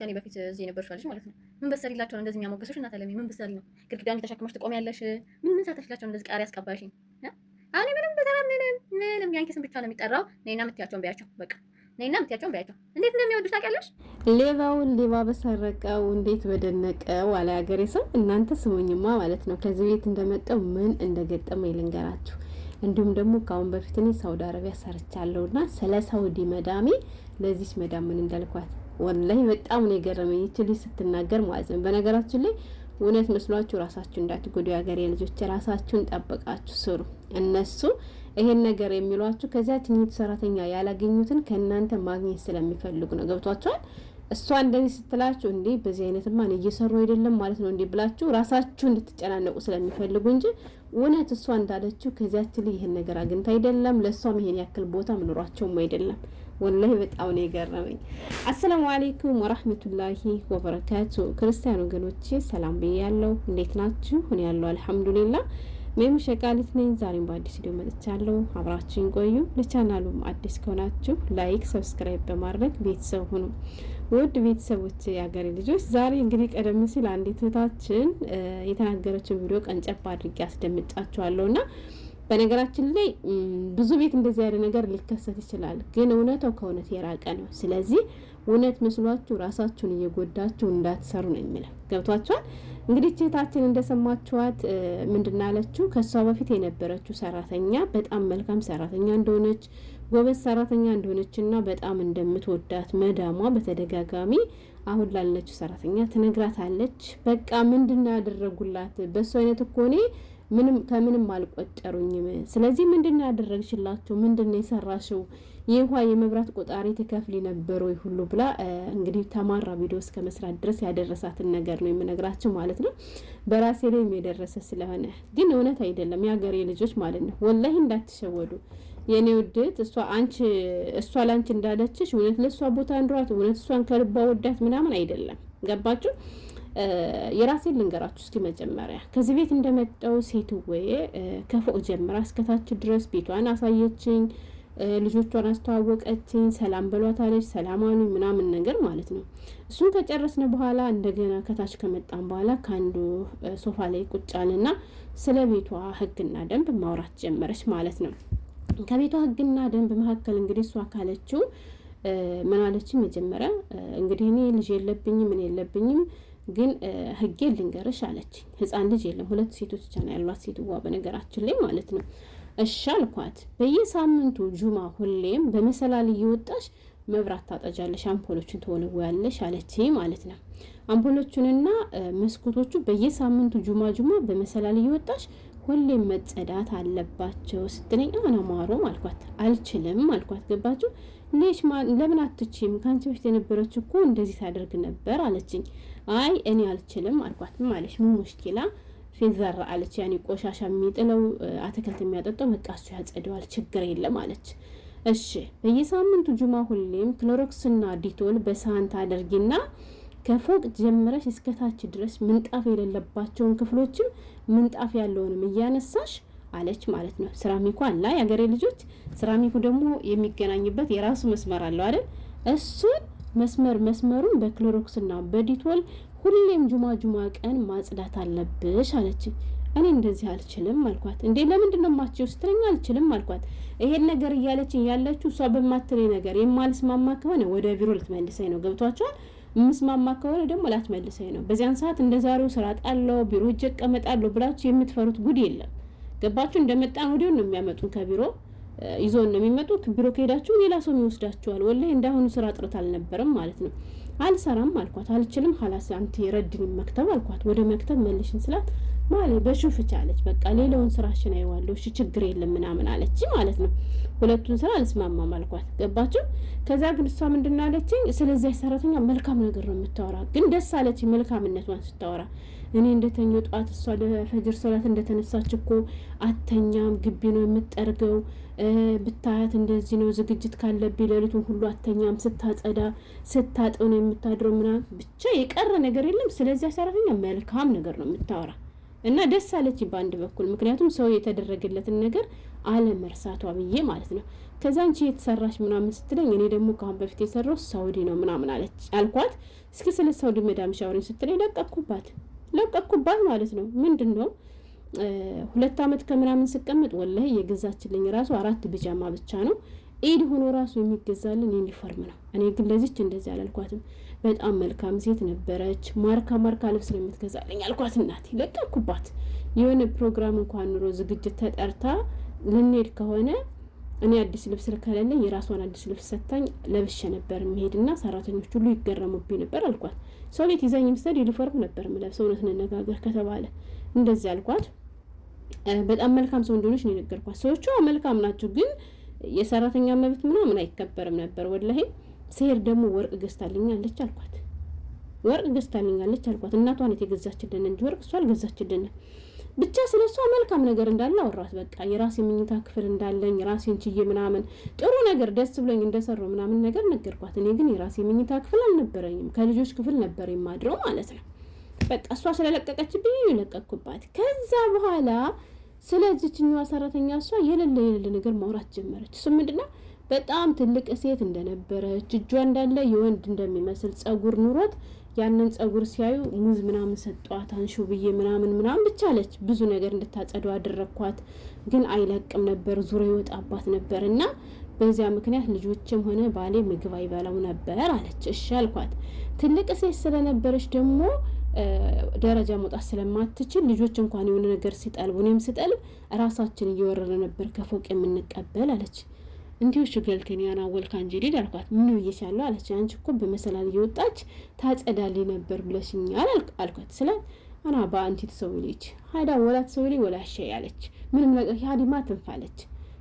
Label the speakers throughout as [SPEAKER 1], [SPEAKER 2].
[SPEAKER 1] ከኔ በፊት እዚህ የነበረችው ልጅ ማለት ነው። ምን በሰሪላቸው ነው እንደዚህ የሚያሞገሱሽ? እናት አለሚ ምን በሰሪ ነው? ግድግዳን ተሸክመሽ ትቆሚያለሽ? ምን ምን ሳተሽላቸው እንደዚህ ቃሪ አስቀባሽ? አሁን ምንም በሰራ ምንም ምንም ያንኪ ስም ብቻ ነው የሚጠራው። ነይና የምትያቸውን በያቸው በቃ ነይና የምትያቸውን በያቸው። እንዴት እንደሚወዱሽ ታውቂያለሽ?
[SPEAKER 2] ሌባውን ሌባ በሰረቀው እንዴት በደነቀው አለ ሀገሬ ሰው። እናንተ ስሙኝማ ማለት ነው ከዚህ ቤት እንደመጣው ምን እንደገጠመ ይልንገራችሁ። እንዲሁም ደግሞ ከአሁን በፊት እኔ ሳውዲ አረቢያ ሰርቻለሁና ስለ ሳውዲ መዳሜ ለዚች መዳም ምን እንዳልኳት ወላሂ በጣም ነው የገረመኝ ይቺ ልጅ ስትናገር ማለት ነው። በነገራችን ላይ እውነት መስሏችሁ ራሳችሁ እንዳትጎዱ፣ የሀገሬ ልጆች ራሳችሁን ጠብቃችሁ ስሩ። እነሱ ይሄን ነገር የሚሏችሁ ትኝት ሰራተኛ ያላገኙትን ከእናንተ ማግኘት ስለሚፈልጉ ነው። ገብቷችኋል? እሷ እንደዚህ ስትላችሁ እንዴ በዚህ አይነት ማን እየሰሩ አይደለም ማለት ነው እንዴ ብላችሁ ራሳችሁ እንድትጨናነቁ ስለሚፈልጉ እንጂ እውነት እሷ እንዳለችው ከዚያችን ይህን ነገር አግኝታ አይደለም። ለእሷም ይሄን ያክል ቦታ ምኖሯቸውም አይደለም። ወላሂ በጣም ነው የገረመኝ። አሰላሙ አሌይኩም ወራህመቱላሂ ወበረካቱ። ክርስቲያን ወገኖቼ ሰላም ብያለሁ። እንዴት ናችሁ? እኔ ያለሁ አልሐምዱሊላ። ሜም ሸቃሊት ነኝ። ዛሬም በአዲስ ቪዲዮ መጥቻለሁ። አብራችሁን ቆዩ። ለቻናሉም አዲስ ከሆናችሁ ላይክ፣ ሰብስክራይብ በማድረግ ቤተሰብ ሁኑ። ውድ ቤተሰቦች፣ የሀገሬ ልጆች፣ ዛሬ እንግዲህ ቀደም ሲል አንዲት እህታችን የተናገረችውን ቪዲዮ ቀንጨብ አድርጌ አስደምጫችኋለሁና በነገራችን ላይ ብዙ ቤት እንደዚህ ያለ ነገር ሊከሰት ይችላል፣ ግን እውነታው ከእውነት የራቀ ነው። ስለዚህ እውነት መስሏችሁ ራሳችሁን እየጎዳችሁ እንዳትሰሩ ነው የሚለው። ገብቷችኋል? እንግዲህ ቼታችን እንደሰማችኋት ምንድን አለችው? ከእሷ በፊት የነበረችው ሰራተኛ በጣም መልካም ሰራተኛ እንደሆነች ጎበዝ ሰራተኛ እንደሆነች በጣም እንደምትወዳት መዳሟ በተደጋጋሚ አሁን ላለችው ሰራተኛ ትነግራታለች። በቃ ምንድን ያደረጉላት በእሱ አይነት እኮ እኔ ምንም ከምንም አልቆጠሩኝም። ስለዚህ ምንድን ነው ያደረግሽላቸው? ምንድን ነው የሰራሽው? የውሃ የመብራት ቆጣሪ ተከፍል ነበር ወይ ሁሉ ብላ እንግዲህ ተማራ ቪዲዮ እስከ መስራት ድረስ ያደረሳትን ነገር ነው የምነግራችሁ ማለት ነው። በራሴ ላይም የደረሰ ስለሆነ ግን እውነት አይደለም። የሀገሬ ልጆች ማለት ነው ወላሂ እንዳትሸወዱ የኔ ውድት። እሷ አንቺ እሷ ላንቺ እንዳለችሽ እውነት ለእሷ ቦታ እንድሯት እውነት እሷን ከልባ ወዳት ምናምን አይደለም። ገባችሁ? የራሴን ልንገራችሁ እስኪ መጀመሪያ ከዚህ ቤት እንደመጣው ሴትዬ ከፎቅ ጀምራ እስከታች ድረስ ቤቷን አሳየችኝ። ልጆቿን አስተዋወቀችኝ። ሰላም በሏታለች፣ ሰላም ምናምን ነገር ማለት ነው። እሱን ከጨረስን በኋላ እንደገና ከታች ከመጣን በኋላ ከአንዱ ሶፋ ላይ ቁጭ አልና ስለ ቤቷ ሕግና ደንብ ማውራት ጀመረች ማለት ነው። ከቤቷ ሕግና ደንብ መካከል እንግዲህ እሷ ካለችው ምን አለችኝ? መጀመሪያ እንግዲህ እኔ ልጅ የለብኝም ምን የለብኝም ግን ህጌ ልንገርሽ አለችኝ። ህፃን ልጅ የለም ሁለት ሴቶች ብቻ ነው ያሏት ሴትዋ በነገራችን ላይ ማለት ነው። እሺ አልኳት። በየሳምንቱ ጁማ ሁሌም በመሰላል እየወጣሽ መብራት ታጠጃለሽ፣ አምፖሎቹን ትወለወያለሽ አለች ማለት ነው። አምፖሎቹንና መስኮቶቹ በየሳምንቱ ጁማ ጁማ በመሰላል እየወጣሽ ሁሌም መጸዳት አለባቸው ስትለኝ አናማሮም አልኳት። አልችልም አልኳት። ገባችሁ? ሌሽ ለምን አትችም? ከአንቺ በፊት የነበረች እኮ እንደዚህ ታደርግ ነበር አለችኝ። አይ እኔ አልችልም አልኳት። ማለሽ ምን ሙሽኪላ ፊዘራ አለች። ያኔ ቆሻሻ የሚጥለው አትክልት የሚያጠጣው በቃ እሱ ያጸደዋል፣ ችግር የለም አለች። እሺ በየሳምንቱ ጁማ ሁሌም ክሎሮክስና ዲቶል በሳህን ታደርጊና ከፎቅ ጀምረሽ እስከ ታች ድረስ ምንጣፍ የሌለባቸውን ክፍሎችም ምንጣፍ ያለውንም እያነሳሽ አለች ማለት ነው። ሴራሚኩ አላ የሀገሬ ልጆች፣ ሴራሚኩ ደግሞ የሚገናኝበት የራሱ መስመር አለው አይደል? እሱን መስመር መስመሩን በክሎሮክስና በዲቶል ሁሌም ጁማ ጁማ ቀን ማጽዳት አለብሽ አለችኝ። እኔ እንደዚህ አልችልም አልኳት። እንዴ ለምንድን ነው ማቸው ስትለኝ አልችልም አልኳት። ይሄን ነገር እያለችኝ ያለችው እሷ በማትለኝ ነገር የማልስማማ ከሆነ ወደ ቢሮ ልትመልሰኝ ነው። ገብቷቸዋል ምስማማ ከሆነ ደግሞ ላትመልሰኝ ነው። በዚያን ሰዓት እንደ ዛሬው ስራ ጣለው ቢሮ እጅ እቀመጣለሁ ብላችሁ የምትፈሩት ጉድ የለም። ገባችሁ? እንደመጣን ወዲያው ነው የሚያመጡን ከቢሮ ይዞን ነው የሚመጡት። ቢሮ ከሄዳችሁ ሌላ ሰው ይወስዳችኋል። ወላሂ እንዳሁኑ ስራ ጥረት አልነበረም ማለት ነው። አልሰራም አልኳት። አልችልም ሀላስ አንቲ ረድን መክተብ አልኳት። ወደ መክተብ መልሽን ስላት ማለት በሹፍ ቻለች። በቃ ሌላውን ስራ ሽና ይዋለው እሺ፣ ችግር የለም ምናምን አለች ማለት ነው። ሁለቱን ስራ አልስማማም አልኳት። ገባችሁ? ከዛ ግን እሷ ምንድን አለችኝ፣ ስለዚያ ሰራተኛ መልካም ነገር ነው የምታወራ። ግን ደስ አለች መልካምነቷን ስታወራ። እኔ እንደተኛው ጠዋት እሷ ለፈጅር ሶላት እንደተነሳች እኮ አተኛም፣ ግቢ ነው የምጠርገው። ብታያት እንደዚህ ነው ዝግጅት ካለብኝ ሌሊቱን ሁሉ አተኛም፣ ስታጸዳ ስታጥብ ነው የምታድረው ምናምን። ብቻ የቀረ ነገር የለም። ስለዚያ ሰራተኛ መልካም ነገር ነው የምታወራ እና ደስ አለች በአንድ በኩል ምክንያቱም ሰው የተደረገለትን ነገር አለመርሳቷ ብዬ ማለት ነው። ከዛ አንቺ የተሰራሽ ምናምን ስትለኝ እኔ ደግሞ ከአሁን በፊት የሰራው ሳውዲ ነው ምናምን አለች አልኳት። እስኪ ስለ ሳውዲ መዳም ሻወሪኝ ስትለኝ ለቀኩባት ለቀኩባት ማለት ነው። ምንድን ነው ሁለት አመት ከምናምን ስቀምጥ ወላሂ የገዛችልኝ ራሱ አራት ብጃማ ብቻ ነው ኤድ ሆኖ ራሱ የሚገዛልን ዩኒፎርም ነው። እኔ ግን ለዚች እንደዚህ አላልኳትም። በጣም መልካም ሴት ነበረች። ማርካ ማርካ ልብስ ነው የምትገዛልኝ አልኳት። እናቴ ለቀኩባት። የሆነ ፕሮግራም እንኳን ኑሮ ዝግጅት ተጠርታ ልንሄድ ከሆነ እኔ አዲስ ልብስ ከሌለኝ የራሷን አዲስ ልብስ ሰታኝ ለብሸ ነበር የሚሄድና ሰራተኞች ሁሉ ይገረሙብኝ ነበር አልኳት። ሰው ቤት ይዛኝ ምስል ዩኒፎርም ነበር የምለብሰው እውነት እንነጋገር ከተባለ እንደዚህ አልኳት። በጣም መልካም ሰው እንደሆነች ነው የነገርኳት። ሰዎቿ መልካም ናቸው ግን የሰራተኛ መብት ምናምን አይከበርም ነበር። ወላሂ ስሄድ ደግሞ ወርቅ ገዝታልኛለች አልኳት። ወርቅ ገዝታልኛለች አልኳት። እናቷ ናት የገዛችልን እንጂ ወርቅ እሷ አልገዛችልንም። ብቻ ስለ እሷ መልካም ነገር እንዳለ አወራት። በቃ የራሴ ምኝታ ክፍል እንዳለኝ ራሴን ችዬ ምናምን ጥሩ ነገር ደስ ብሎኝ እንደሰራው ምናምን ነገር ነገርኳት። እኔ ግን የራሴ ምኝታ ክፍል አልነበረኝም። ከልጆች ክፍል ነበር የማድረው ማለት ነው። በቃ እሷ ስለለቀቀችብኝ ለቀኩባት። ከዛ በኋላ ስለዚችኛዋ ሰራተኛ እሷ የሌለ የሌለ ነገር ማውራት ጀመረች። እሱ ምንድነው በጣም ትልቅ ሴት እንደነበረች እጇ እንዳለ የወንድ እንደሚመስል ጸጉር ኑሮት ያንን ጸጉር ሲያዩ ሙዝ ምናምን ሰጧት፣ አንሹ ብዬ ምናምን ምናምን ብቻለች ብዙ ነገር እንድታጸዱ አደረግኳት፣ ግን አይለቅም ነበር፣ ዙሮ ይወጣባት ነበር እና በዚያ ምክንያት ልጆችም ሆነ ባሌ ምግብ አይበላው ነበር አለች። እሺ አልኳት። ትልቅ ሴት ስለነበረች ደግሞ ደረጃ መውጣት ስለማትችል ልጆች እንኳን የሆነ ነገር ሲጠልቡ እኔም ስጠልብ ራሳችን እየወረረ ነበር ከፎቅ የምንቀበል አለች። እንዲሁ ሽገልቴን ያናወልካ እንጂ ሊድ አልኳት። ምን ብዬሻለሁ አለች። አንቺ እኮ በመሰላል እየወጣች ታጸዳሊ ነበር ብለሽኛል አልኳት ስላት አና በአንቲት ሰው ልጅ ሀዳ ወላት ሰው ልጅ ወላ ሸይ አለች። ምንም ነገር ያዲማ ትንፋለች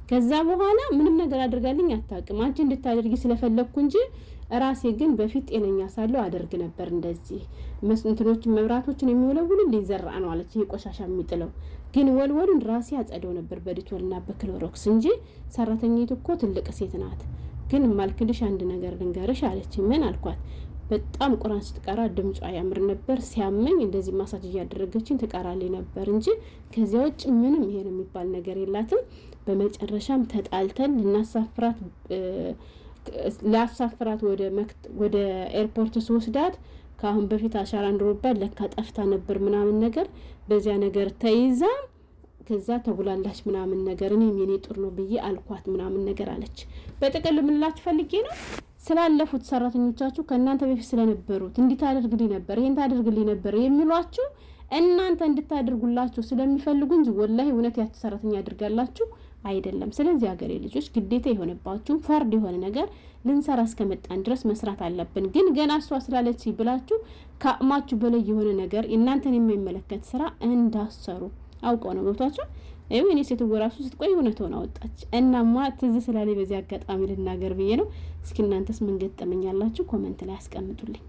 [SPEAKER 2] ከዛ በኋላ ምንም ነገር አድርጋልኝ አታውቅም። አንቺ እንድታደርጊ ስለፈለግኩ እንጂ ራሴ ግን በፊት ጤነኛ ሳለው አደርግ ነበር። እንደዚህ መስንትኖችን መብራቶችን የሚወለውልልኝ ዘራ ነው አለች። ይሄ ቆሻሻ የሚጥለው ግን ወልወሉን ራሴ አጸደው ነበር በዲቶልና በክሎሮክስ እንጂ ሰራተኛይቱ እኮ ትልቅ ሴት ናት። ግን ማልክልሽ አንድ ነገር ልንገርሽ አለች። ምን አልኳት? በጣም ቁራን ስትቀራ ድምጿ ያምር ነበር። ሲያመኝ እንደዚህ ማሳጅ እያደረገችን ትቀራልኝ ነበር እንጂ ከዚያ ውጭ ምንም ይሄን የሚባል ነገር የላትም። በመጨረሻም ተጣልተን ልናሳፍራት ላሳፍራት ወደ ኤርፖርት ስወስዳት ከአሁን በፊት አሻራ እንድሮባት ለካ ጠፍታ ነበር ምናምን ነገር በዚያ ነገር ተይዛ ከዛ ተጉላላች ምናምን ነገር እኔም የኔ ጥር ነው ብዬ አልኳት ምናምን ነገር አለች። በጥቅል ምንላችሁ ፈልጌ ነው ስላለፉት ሰራተኞቻችሁ ከእናንተ በፊት ስለነበሩት እንዲህ ታደርግልኝ ነበር፣ ይህን ታደርግልኝ ነበር የሚሏችሁ እናንተ እንድታደርጉላችሁ ስለሚፈልጉ እንጂ ወላሂ እውነት ያቺ ሰራተኛ ያድርጋላችሁ አይደለም። ስለዚህ ሀገሬ ልጆች ግዴታ የሆነባችሁ ፈርድ የሆነ ነገር ልንሰራ እስከመጣን ድረስ መስራት አለብን። ግን ገና እሷ ስላለች ብላችሁ ከአቅማችሁ በላይ የሆነ ነገር እናንተን የማይመለከት ስራ እንዳሰሩ አውቀው ነው ገብቷቸው ይኸው እኔ ሴትዮ እራሱ ስትቆይ እውነቷን አወጣች። እናማ ትዝ ስላለኝ በዚህ አጋጣሚ ልናገር ብዬ ነው። እስኪ እናንተስ ምን ገጠመኛላችሁ? ኮመንት ላይ አስቀምጡልኝ።